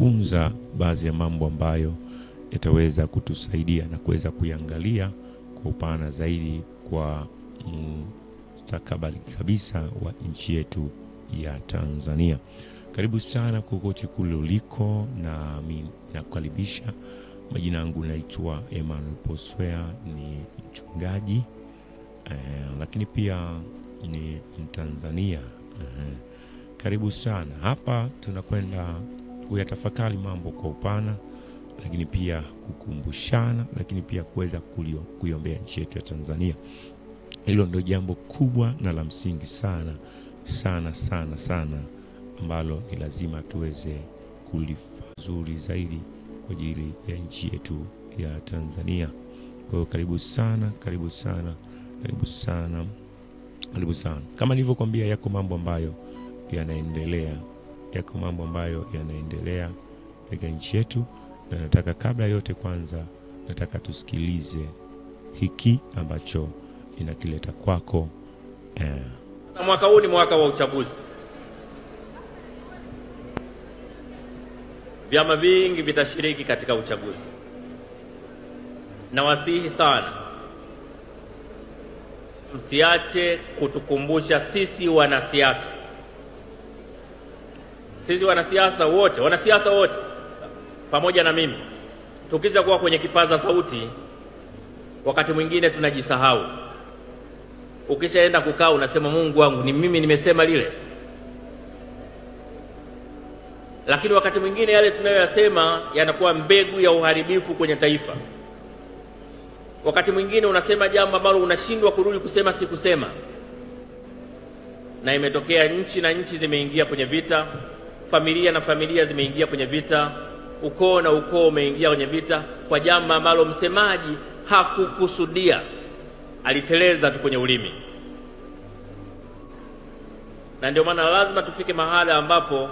kujifunza baadhi ya mambo ambayo yataweza kutusaidia na kuweza kuiangalia kwa upana zaidi kwa mustakabali kabisa wa nchi yetu ya Tanzania. Karibu sana kokote kule uliko, na mimi nakukaribisha. Majina yangu naitwa Emmanuel Poswea, ni mchungaji eh, lakini pia ni Mtanzania eh. Karibu sana hapa, tunakwenda kuyatafakari mambo kwa upana, lakini pia kukumbushana, lakini pia kuweza kuiombea nchi yetu ya Tanzania. Hilo ndio jambo kubwa na la msingi sana sana sana sana ambalo ni lazima tuweze kulifazuri zaidi kwa ajili ya nchi yetu ya Tanzania. Kwa hiyo karibu sana, karibu sana, karibu sana, karibu sana. Kama nilivyokuambia, yako mambo ambayo yanaendelea yako mambo ambayo yanaendelea katika nchi yetu, na nataka kabla yote, kwanza nataka tusikilize hiki ambacho inakileta kwako eh. Mwaka huu ni mwaka wa uchaguzi. Vyama vingi vitashiriki katika uchaguzi. Nawasihi sana msiache kutukumbusha sisi wanasiasa sisi wanasiasa wote, wanasiasa wote pamoja na mimi, tukisha kuwa kwenye kipaza sauti, wakati mwingine tunajisahau. Ukishaenda kukaa unasema, Mungu wangu, ni mimi nimesema lile. Lakini wakati mwingine yale tunayoyasema yanakuwa mbegu ya uharibifu kwenye taifa. Wakati mwingine unasema jambo ambalo unashindwa kurudi kusema sikusema, na imetokea nchi na nchi zimeingia kwenye vita familia na familia zimeingia kwenye vita, ukoo na ukoo umeingia kwenye vita kwa jambo ambalo msemaji hakukusudia, aliteleza tu kwenye ulimi. Na ndio maana lazima tufike mahala ambapo